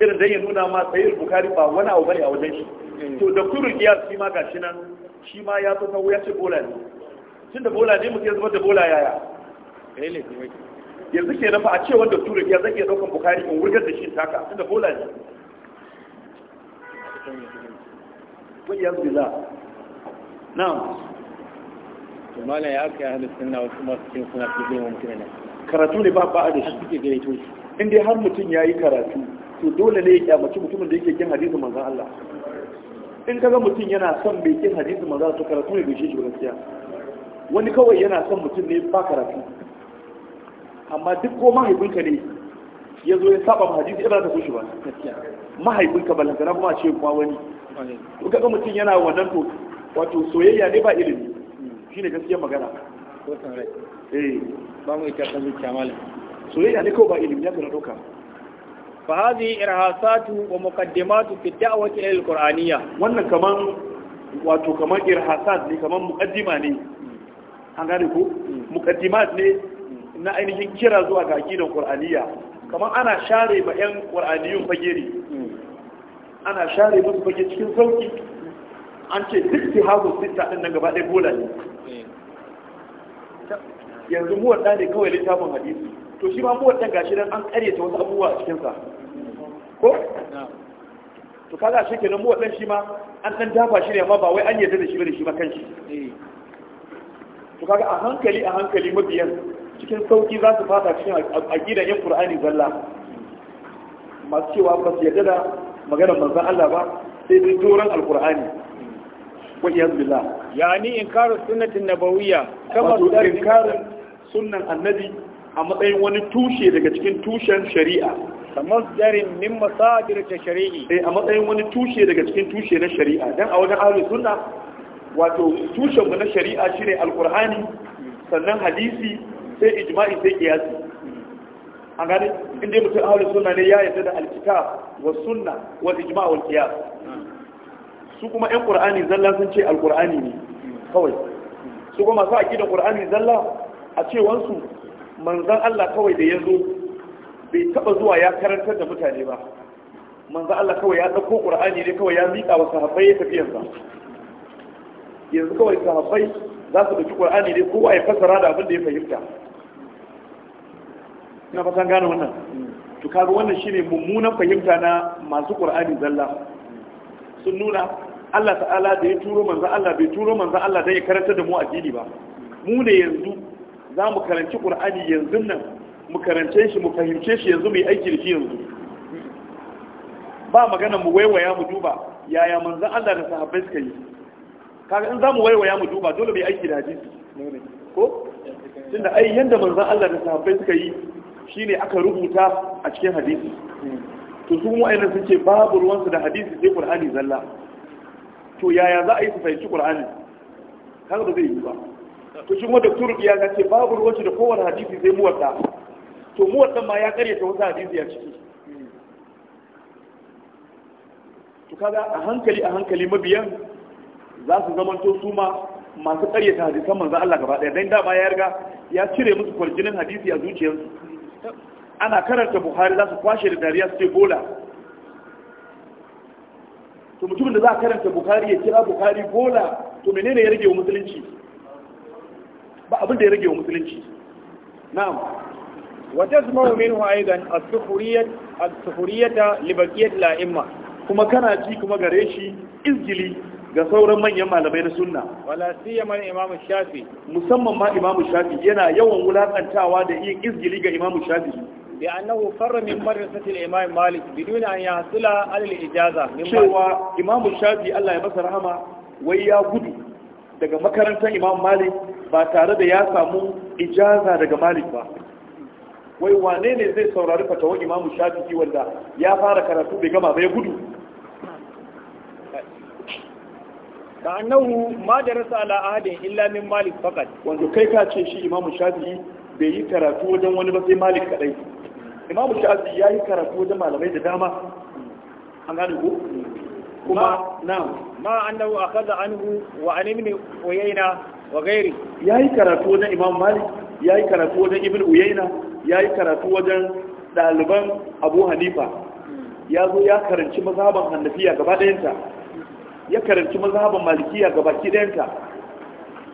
irin da ya nuna ma sayyid bukari ba wani abu bane a wajen shi eh. to da kuru kiyas shi ma gashi nan shi ma ya so ya ce bola ne tun da bola ne muke zama zubar da bola yaya yanzu ke nafa a cewar da turai ya zake daukan bukari in wurgar da shi taka tun da bola ne wani yanzu bila na'am jama'a ya aka yi sunna wasu masu cin suna fi girma mutum ne karatu ne ba ba da shi suke gare to in dai har mutum ya yi karatu to dole ne ya kyamaci mutumin da yake kin hadisin manzon Allah in kaga mutum yana son bai kin hadisin manzon Allah to karatu ne bai shi gaskiya wani kawai yana son mutum ne ba karatu amma duk ko mahaifinka ne ya zo ya saba hadisi irin da kushi ba mahaifinka ba ballantana kuma ce kuma wani Duk kaga mutum yana wannan to wato soyayya ne ba ilimi shine gaskiyar magana eh ba mu ita kan zuciya malam soyayya ne kawai ba ilimi ya kana dauka fa hadhihi irhasatu wa muqaddimatu fi da'wati al-qur'aniyya wannan kaman wato kaman irhasat ne kaman muqaddima ne an gane ko mukaddimat ne na ainihin kira zuwa ga aqidan qur'aniyya kamar ana share ma yan qur'aniyun fage ne ana share musu fage cikin sauki an ce duk tihabu sita din nan gaba ɗaya bola ne yanzu mu wanda ne kawai littafin hadisi to shi ma mu wanda gashi dan an karyata wasu abubuwa a cikin sa ko to kaga shi kenan mu wanda shi ma an dan dafa shi ne amma ba wai an yarda da shi bane shi ma kanshi to kaga a hankali a hankali mabiyan cikin sauki za su fata cikin aqidan yin qur'ani zalla masu cewa ba su yarda da maganar manzon Allah ba sai dai doran alqur'ani wa iyaz billah yani inkaru sunnatin nabawiyya kama inkarin sunnan annabi a matsayin wani tushe daga cikin tushen shari'a Kamar masdarin min masadir ta shari'i eh, a matsayin wani tushe daga cikin tushe na shari'a dan a wajen ahlus sunna wato tushenmu na shari'a shine alkur'ani sannan hadisi sai ijma'i sai kiyasi an gane inda mutum aure sunna ne ya yarda da alkitab wa sunna wa ijma' wa qiyas su kuma yan qur'ani zalla sun ce alqur'ani ne kawai su kuma sa akidan qur'ani zalla a cewan su manzon Allah kawai da yazo bai taba zuwa ya karantar da mutane ba manzan Allah kawai ya dauko qur'ani ne kawai ya mika wa sahabbai ya tafiyansa yanzu kawai sahabbai za su ɗauki ƙur'ani ne kowa ya fassara da abin da ya fahimta ina fatan gane wannan to kaga wannan shine mummunan fahimta na masu ƙur'ani zalla sun nuna Allah ta'ala da ya turo manzo Allah bai turo manzo Allah da ya karanta da mu addini ba mu ne yanzu za mu karanci ƙur'ani yanzu nan mu karance shi mu fahimce shi yanzu mu yi aiki da shi yanzu ba magana mu waiwaya mu duba yaya manzo Allah da sahabbai suka yi kaga in zamu waiwaya mu duba dole bai aiki da hadisi ko tunda ai yanda manzon Allah da sahabbai suka yi shine aka rubuta a cikin hadisi to su mu ayyana suke ce babu ruwansu da hadisi sai qur'ani zalla to yaya za a yi su fahimci qur'ani kaga ba zai yi ba to shi kuma doktor ya ga ce babu ruwansu da kowane hadisi sai muwatta to muwatta ma ya karyata wasu hadisi a ciki to kaga a hankali a hankali mabiyan za su to su ma masu ƙaryata hadisan manzan Allah gaba ɗaya don dama ya riga ya cire musu kwarjinin hadisi a zuciyarsu ana karanta buhari za su kwashe da dariya su ce bola to mutumin da za a karanta buhari ya kira buhari bola to menene ya rage wa musulunci ba abin da ya rage wa musulunci na'am وتسمع منه أيضا السخرية السخرية لبقية la'imma kuma kana ji kuma gare shi izgili ga sauran manyan malamai na sunna wala siyama imam shafi musamman ma imam shafi yana yawan wulakantawa da yin izgili ga imam shafi bi annahu farra min madrasati al-imam malik bidun an yahsula al-ijaza cewa imam shafi Allah ya masa rahama wai ya gudu daga makarantar imam malik ba tare da ya samu ijaza daga malik ba wai wane ne zai saurari fatawar imam shafi wanda ya fara karatu bai gama ba ya gudu da annahu ma darasa ala ahadin illa min malik faqat wanda kai ka ce shi imamu shafi'i bai yi karatu wajen wani ba sai malik kadai imamu shafi'i ya yi karatu wajen malamai da dama an gane ko kuma na'am ma annahu akhadha anhu wa an ibn uyayna wa ghairi ya yi karatu wajen imam malik ya yi karatu wajen ibn uyayna ya yi karatu wajen ɗaliban abu hanifa hmm. ya zo ya karanci mazhaban hannafiya gaba ɗayanta ya karanci mazhaban malikiya ga baki ɗayanta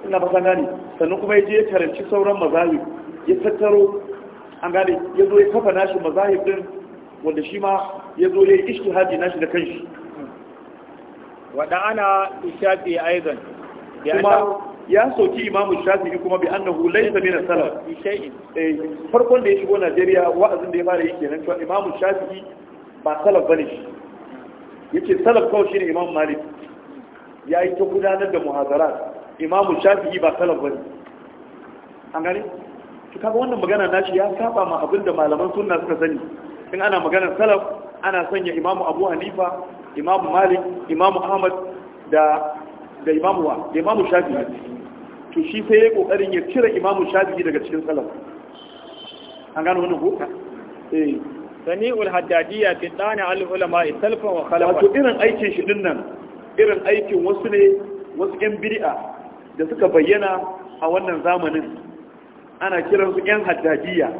ina ba san gane sannan kuma ya je ya karanci sauran mazahib ya tattaro an gane ya zo ya kafa nashi mazahib din wanda shi ma ya zo ya yi ishtihadi nashi da kanshi wadana ana shafi aidan kuma ya soki imamu shafi'i kuma bi annahu laysa min as-salaf eh farkon da ya shigo Najeriya wa'azin da ya fara yi kenan cewa imamu shafi ba salaf bane shi yace salaf kawai shine imamu malik ya yi ta gudanar da muhazara imamu shafi'i ba salaf bane an gani to kaga wannan magana nashi ya saba ma abin da malaman suna suka sani in ana magana salaf ana sanya imamu abu hanifa imamu malik imamu ahmad da da imamu wa da imamu shafi'i to shi sai ya kokarin ya cire imamu shafi'i daga cikin salaf an gano wannan ko eh sani'ul haddadiyya fi tsani al ulama salfan wa khalafa to irin aikin shi dinnan irin aikin wasu ne wasu 'yan biri'a da suka bayyana a wannan zamanin ana kiransu 'yan haddadiya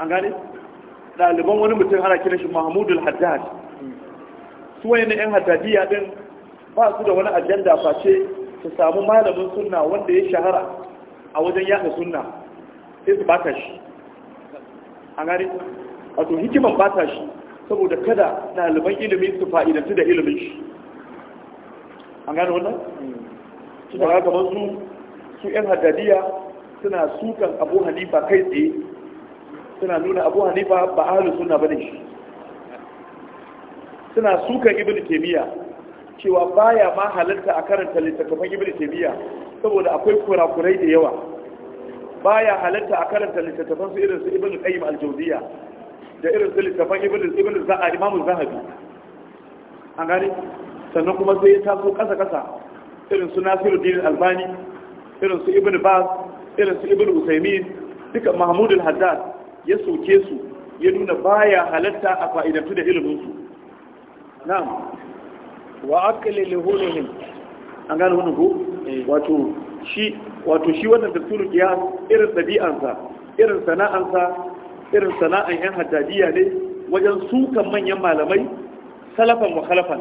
an gane ɗaliban wani mutum ana kiran shi mahmudul haddad su wani 'yan haddadiya ɗin ba su da wani ajanda face su samu malamin sunna wanda ya shahara a wajen yaɗa sunna sai su bata shi an gane wato hikiman bata shi saboda kada ɗaliban ilimi su fa'idantu da ilimin shi an gane wannan Suna da kamar su su yan haddadiya suna sukan abu hanifa kai tsaye suna nuna abu hanifa ba ahalu suna bane shi suna sukan ibn taymiya cewa baya ma halitta a karanta littattafan ibn taymiya saboda akwai kurakurai da yawa baya halitta a karanta littattafan su irin su ibn qayyim al-jawziya da irin su littattafan ibn ibn za'a imam zahabi an gane sannan kuma sai ya taso kasa kasa irin su Nasiruddin Albani irin su Ibn Baz irin su Ibn Usaymin duka Mahmud al-Haddad ya soke su ya nuna baya halatta a fa'idantu da iliminsu. su na'am wa aqli lihunihim an gane wannan ko eh. wato shi wato shi wannan dasturul qiyas irin ɗabi'ansa, irin sana'ansa irin sana'an yan haddadiya ne wajen sukan manyan malamai salafan wa khalafan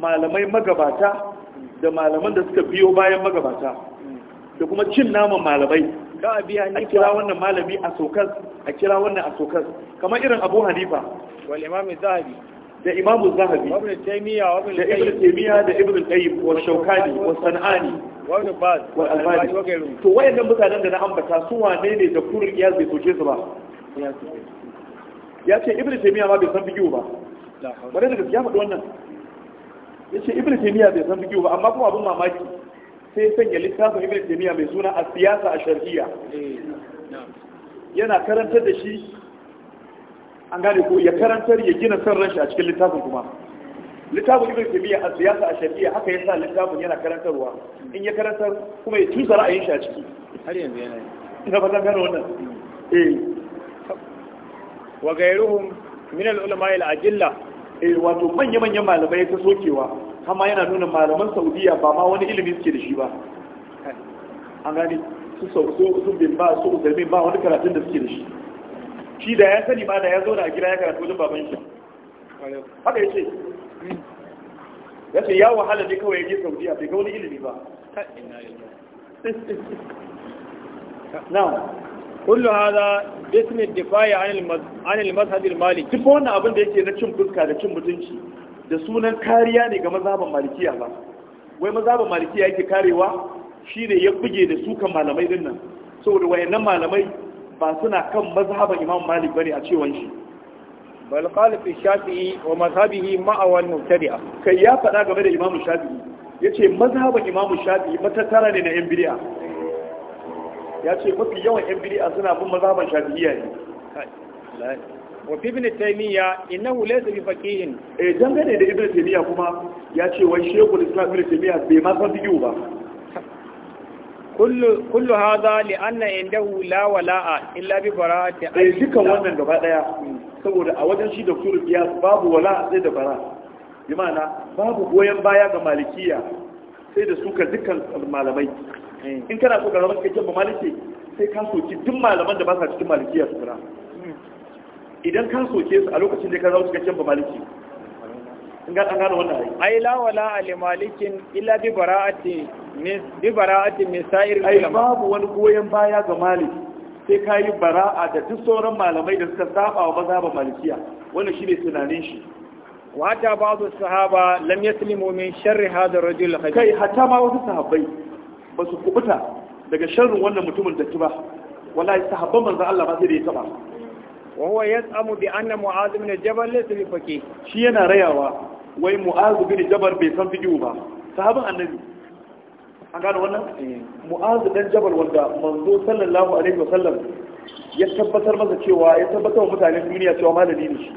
malamai magabata da malaman da suka biyo bayan magabata da kuma cin naman malamai ka a biya kira wannan malami a sokas a kira wannan a sokas kamar irin abu hanifa imamu zahabi da imamu zahabi da ibn taimiyya da ibn qayyim wa shaukani wa sanani wa albani to wayannan mutanen da na ambata su wane ne da kurin iyaz bai soke su ba ya ce ibn taimiyya ma bai san biyu ba wadanda da gaskiya faɗi wannan ce ibn taymiya bai san fiqh ba amma kuma abin mamaki sai ya sanya littafin ibn taymiya mai suna a siyasa a shar'iyya yana karantar da shi an gane ko ya karantar ya gina son ranshi a cikin littafin kuma littafin ibn taymiya a siyasa a shar'iyya haka yasa littafin yana karantarwa in ya karantar kuma ya tusa ra'ayin shi a ciki har yanzu yana ina wannan hmm. eh wa gairuhum min al-ulama al-ajilla eh wato manya-manyan malamai ta sokewa kama yana nuna malaman saudiya ba ma wani ilimi suke da shi ba an gani su su bin ba su ugalmi ba wani karatun da suke da shi shi da ya sani ba da ya zo na gida ya karatu wajen baban shi haka ya ce ya ce ya wahala ne kawai ya je saudiya bai ga wani ilimi ba Na. كل هذا باسم الدفاع عن عن المذهب المالكي maliki duk wannan abin da yake na cin fuska da cin mutunci da sunan kariya ne ga mazhaban malikiya ba wai mazhaban malikiya yake karewa shine ya buge da sukan malamai din nan saboda wayannan malamai ba suna kan mazhaban imam malik bane a cewan shi bal qala fi shafi'i wa mazhabihi ma'a wal mubtadi'a kai ya faɗa game da imam shafi'i yace mazhaban imam shafi'i matattara ne na yan bid'a ya ce mafi yawan yan bid'a suna bin mazhaban shafi'iyya ne wa fi ibn taymiya innahu laysa bi faqihin eh dangane da ibn taymiya kuma ya ce wai shekul islam ibn taymiya bai ma san fiqh ba kullu kullu hadha li anna indahu la wala'a illa bi bara'ati eh dukan wannan gaba daya saboda a wajen shi da qiyas babu wala sai da bara bi ma'ana babu goyen baya ga malikiya sai da suka dukkan malamai in kana so ka zama cikakken ba maliki sai ka soki duk malaman da ba sa cikin malikiya su kira idan ka soke su a lokacin da ka zama cikakken ba maliki in ga an gano wannan ayi ai la wala ali malikin illa bi bara'ati min bi bara'ati min sa'ir ai babu wani goyen baya ga malik sai ka yi bara'a da duk sauran malamai da suka saba wa ba malikiya wannan ne tunanin shi Wata ba su sahaba lam yaslimu min sharri hadha rajul rajul kai hatta ma wasu sahabbai ba su kubuta daga sharrin wannan mutumin datti ba wallahi sahabban manzon Allah ba sai da ya taba wa huwa yas'amu bi anna mu'adh al jabal laysa bi faqih shi yana rayawa wai mu'adh bin jabal bai san fiqh ba sahabban annabi an gano wannan eh. mu'adh dan jabal wanda manzo sallallahu alaihi wasallam ya tabbatar masa cewa ya tabbatar wa mutanen duniya cewa malami ne shi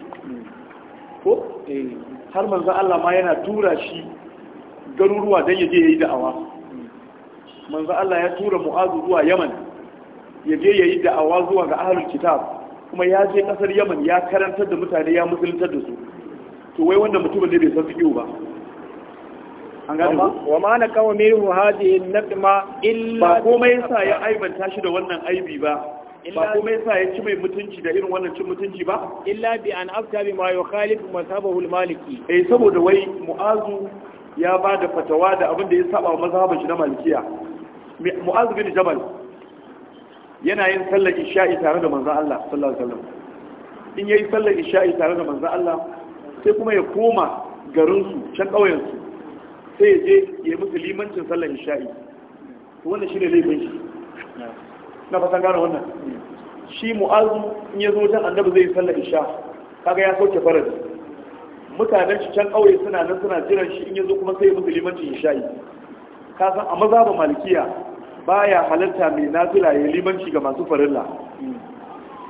ko eh. har manzon Allah ma yana tura shi garuruwa don yaje yayi da'awa manzo Allah ya tura mu'azu zuwa yaman ya je ya yi da'awa zuwa ga ahlul kitab kuma ya je kasar yaman ya karantar da mutane ya musuluntar da su to wai wanda mutumin ne bai san fiqh ba an gane wa ma na kawo minhu hadhihi naqma illa ba komai yasa ya aibanta shi da wannan aibi ba ba komai sa ya ci mai mutunci da irin wannan cin mutunci ba illa bi an afta bi ma yukhalifu mazhabahu al-maliki eh saboda wai mu'azu ya ba da fatawa da abin da ya saba mazhabin shi na malikiya mu'az bin jabal yana yin sallar isha'i tare da manzan Allah sallallahu alaihi wasallam in yayi sallar isha'i tare da manzan Allah sai kuma ya koma garinsu can ƙauyensu sai ya je ya musu limancin sallar isha'i to wannan shine laifin shi na fasan gane wannan shi mu'azu in ya zo can annabi zai yi sallar isha kaga ya sauke farad mutanen shi can ƙauye suna nan suna jiran shi in ya zo kuma sai ya musu limancin isha'i ka san a mazhabin malikiya Ba ya halarta mai nafila ya limanci ga masu farilla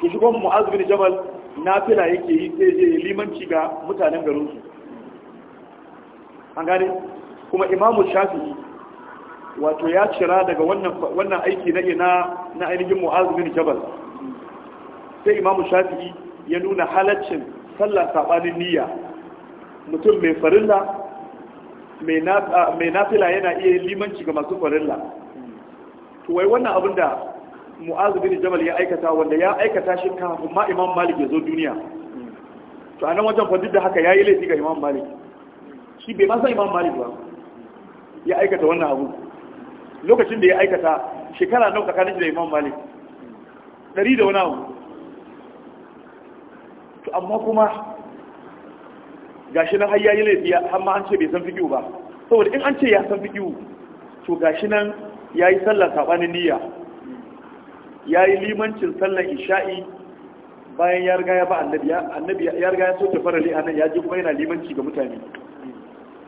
to shi kuma mu'az bin jabal nafila yake yi sai je limanci ga mutanen garin su an gane kuma imamu shafi wato ya cira daga wannan wannan aiki na ina na ainihin mu'az bin jabal sai imamu shafi ya nuna halaccin sallah sabanin niyya mutum mai farilla mai nafila yana iya limanci ga masu farilla to wai wannan abin da mu'azu bin jamal ya aikata wanda ya aikata shi kafin ma imam malik ya zo duniya to a nan wajen fa duk da haka ya yi laifi ga imam malik shi bai ma san imam malik ba ya aikata wannan abu lokacin da ya aikata shekara nau tsakanin da imam malik ɗari da wani abu to amma kuma gashi nan har yayi laifi har ma an ce bai san fikiyu ba saboda in an ce ya san fikiyu to gashi nan ya yi sallar saɓani niyya ya yi limancin sallar isha'i bayan ya riga ya ba annabi annabi ya riga ya soke farali a nan ya ji kuma yana limanci ga mutane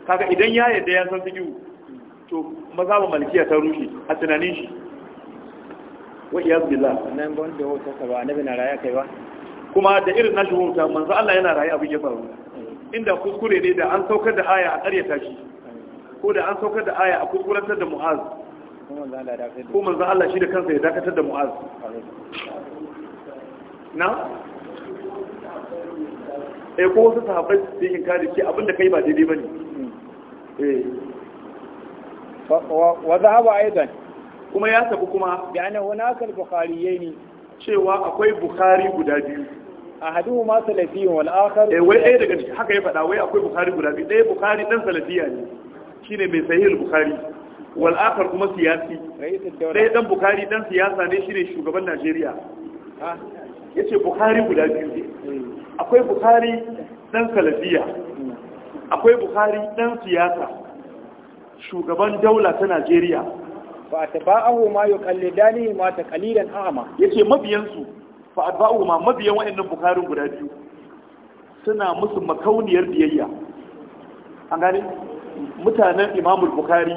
kaga idan ya yadda ya san fiqhu to maza ba malikiya ta rushe a tunanin shi wa iyaz billah nan gon da wata saba annabi na raya kai ba kuma da irin nashi wuta manzo Allah yana raya abin ya faru eh. inda kuskure ne da an saukar da aya a ƙaryata shi eh. ko da an saukar da aya a kuskurantar da mu'az ko manzan Allah shi da kansa ya dakatar da mu'az na? E ko wasu sahabai su yi kari ce abinda kai ba daidai ba ne eh. wa zahaba aidan kuma ya tafi kuma bukari ya bukhariyai cewa akwai bukhari guda biyu ma salafiyun wani akhar eh wai ɗaya daga haka ya faɗa wai akwai bukhari guda biyu ɗaya bukhari ɗan salafiya ne Shi ne mai sahihar bukhari wal'afar kuma siyasi sai dan bukari dan siyasa ne shine shugaban Najeriya Ya ce bukari guda biyu ne. akwai bukari dan salafiya akwai bukari dan siyasa shugaban daula ta Najeriya Ba a taba ahu ma dani ma ta taqlidan a'ma ce mabiyansu fa atba'ahu ma mabiyan waɗannan bukari guda biyu suna musu makauniyar biyayya an gane mutanen imamul bukari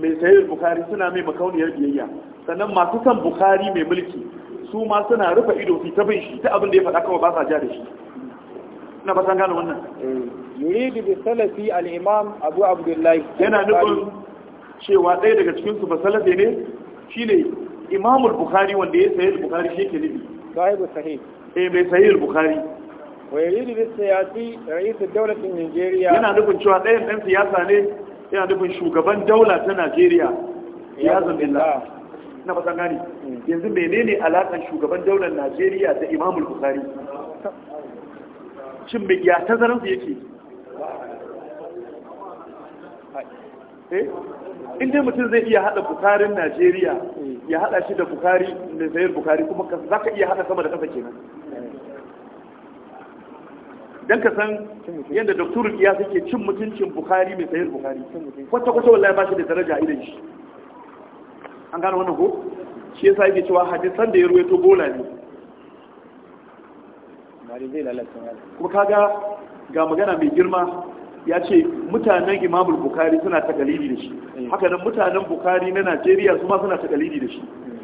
mai sayar bukari suna mai makauniyar biyayya sannan masu san bukari mai mulki su ma suna rufe ido fi ta bin shi ta abin da ya faɗa kawai ba sa ja da shi na ba san gano wannan eh, yuridu bi salafi al-imam abu abdullahi yana nufin cewa ɗaya daga cikin su ba salafi ne shine imamul bukhari wanda ya sayi bukhari shi ke nufi sahibu sahih eh mai sayi bukhari wa yuridu bi siyasi ra'is dawlatin yana nufin cewa ɗayan ɗan siyasa ne yana nufin shugaban daula ta Najeriya ya zambilla na fasan gani yanzu menene alakan shugaban daular Najeriya da Imam Bukhari shin me ya tazaran su yake eh inda mutum zai iya hada Bukhari Najeriya ya hada shi da Bukhari da zayar Bukhari kuma zaka iya hada sama da kasa kenan dan ka san yadda doktor ya suke cin mutuncin bukhari mai sayar bukhari wata kwata wallahi ba shi da daraja idan shi an gano wannan ko shi yasa yake cewa hadisan da ya ruwaito bola ne kuma kaga ga magana mai girma ya ce mutanen imamul Bukhari suna dalili da shi eh. haka nan mutanen Bukhari na najeriya su ma suna dalili da shi hmm.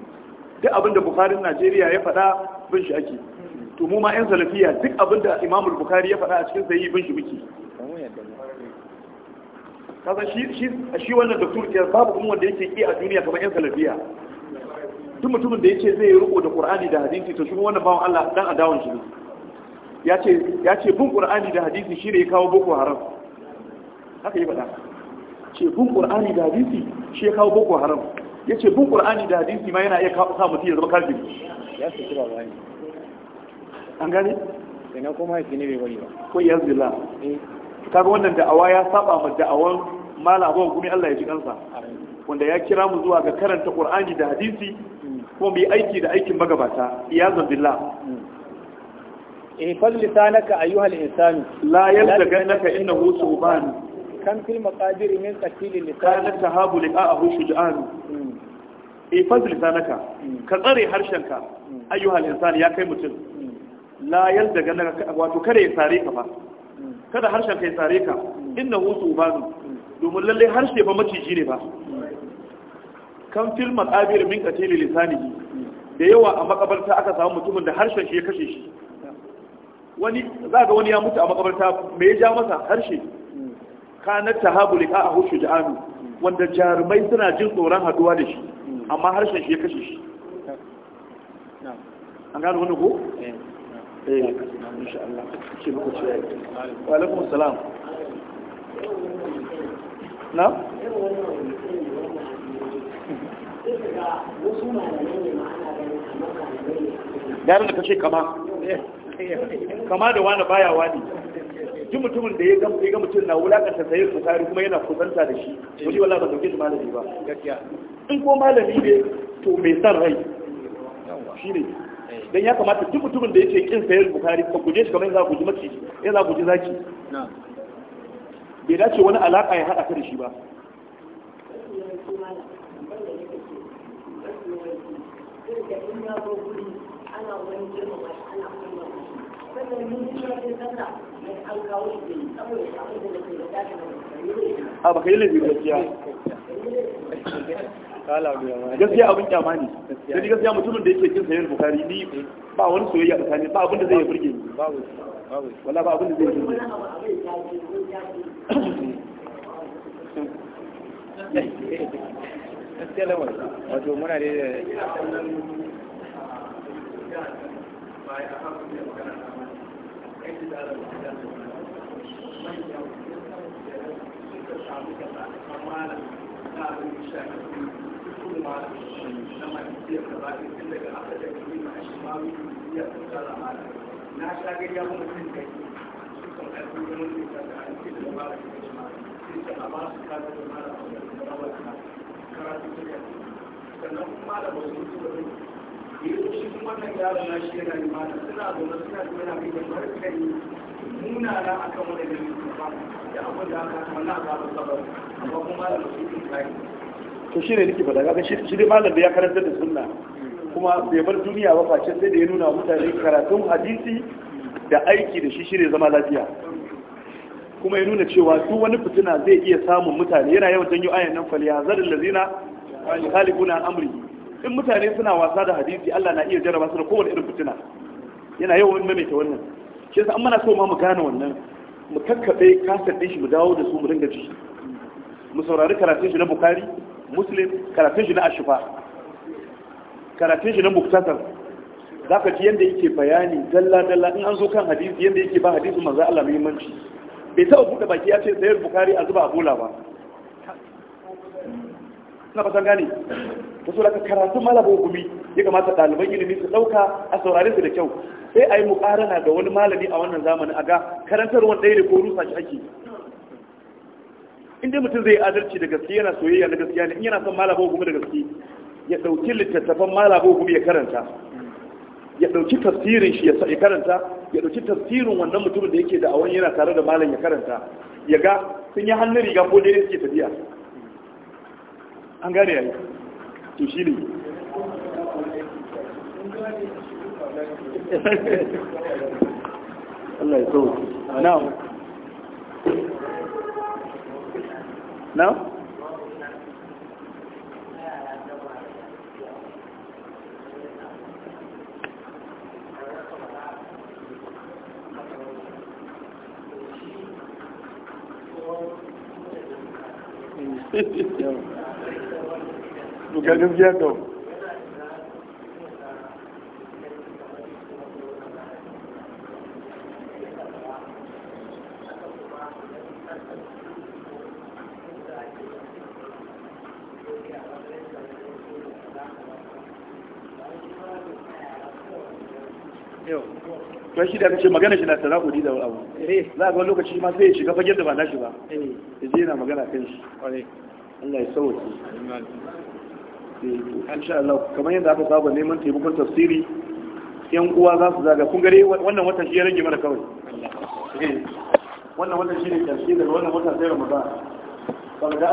duk abin da na najeriya ya faɗa bin shi ake to mu ma yan salafiya duk abin da imam bukhari ya faɗa a cikin sayi bin shi muke kasan shi wannan doktor kiyar babu kuma wanda yake ki a duniya kamar yan salafiya duk mutumin da yake zai riko da qur'ani da hadisi to shi wannan bawon Allah dan adawon shi ya ce ya ce bin qur'ani da hadisi shi ne ya kawo boko haram haka yi faɗa ce bin qur'ani da hadisi shi ya kawo boko haram ya ce bin qur'ani da hadisi ma yana iya kawo sa mutum ya zama kafiri ya ce kira wani an gane sannan kuma bai bari ba ko ya zila eh. wannan da'awa ya saba ma da'awan malam kuma Allah ya ji kansa wanda ya kira mu zuwa ga karanta qur'ani da hadisi hmm. kuma mu aiki da aikin magabata Ya zabilla in hmm. ihfaz eh, lisanaka ayyuha al-insan la annaka innahu suban kan fil maqadir min qatil lisan kana tahabu liqa'ahu shuj'an ihfaz hmm. eh, lisanaka ka tsare harshenka ayyuha al-insan ya kai mutum Layar daga ganaka wato kada ya sare ka ba kada harshen kai sare ka inna hutu ne domin lalle harshe ba maciji ne ba kan fil maqabir min qatili lisani da yawa a makabarta aka samu mutumin da harshen shi ya kashe shi wani za ga wani ya mutu a makabarta me ya ja masa harshe kanat tahabu liqa ahu shuja'anu wanda jarumai suna jin tsoron haduwa da shi amma harshen shi ya kashe shi an gano wani ko eh. eh insha Allah ce salam na yaran da kace kama kama da wani baya wani duk mutumin da ya ga mutum na wulakanta sayar bukari kuma yana kusanta da shi wani wala ba dauke shi malami ba in ko malami ne to mai san rai shi ne dan ya kamata duk mutumin da yake kin sayar bukari ka guje shi kamar maki, guji za ku guji zaki bai dace wani alaka ya hada ka da shi ba a baka yi laifin gaskiya gaskiya abin kyama ne sai gaskiya mutumin da yake jin sayar bukari ni ba wani soyayya tsakani ba abin da zai burge ni wala ba abin da zai burge wato muna da Thank you. ya da Na Thank you. shi shi suna suna to shi ne nake faɗa shi dai malam da ya karanta da sunna kuma bai bar duniya ba face sai da ya nuna mutane karatun hadisi da aiki da shi shine zama lafiya kuma ya nuna cewa duk wani fitina zai iya samun mutane yana yawan janyo ayan nan fal ya zarin lazina amri in mutane suna wasa da hadisi Allah na iya jarraba su da kowane irin fitina yana yawan maimaita wannan shi yasa an mana so ma mu gane wannan mu kakkabe kasar din shi mu dawo da su mu dinga ji mu saurari karatun shi na Bukhari Muslim karatun shi na Ashifa karatun shi na Muktasar zaka ji yanda yake bayani dalla dalla in an zo kan hadisi yanda yake ba hadisin manzo Allah muhimmanci bai taɓa buɗe baki ya ce sayar Bukhari a zuba a bola ba suna kusan gane ta so da karatun malamin hukumi ya kamata ɗaliban ilimi su ɗauka a saurare su da kyau sai a yi muƙarana da wani malami a wannan zamanin a ga karantarwar ɗaya da ko rusa shi ake inda mutum zai adalci da gaske yana soyayya na gaske ne in yana son malamin hukumi da gaske ya ɗauki littattafan malamin hukumi ya karanta ya ɗauki tafsirin shi ya karanta ya ɗauki tafsirin wannan mutumin da yake da awon yana tare da malam ya karanta ya ga sun yi hannun riga ko daidai suke tafiya an gane yayi to shi ne Allah ya so now now you. ga gaskiya to shi da kace magana shi na tanakudi da abu eh. za ga lokaci ma sai shiga fagen da ba nashi ba eh yana magana kan shi Allah ya sauke Eh, sha Allah kamar yadda aka saba neman taimakon tafsiri yan uwa za su zaga kun gare wannan watan shi ya rage mana kawai eh, wannan watan shi ne tafsirin wannan watan sai Ramadan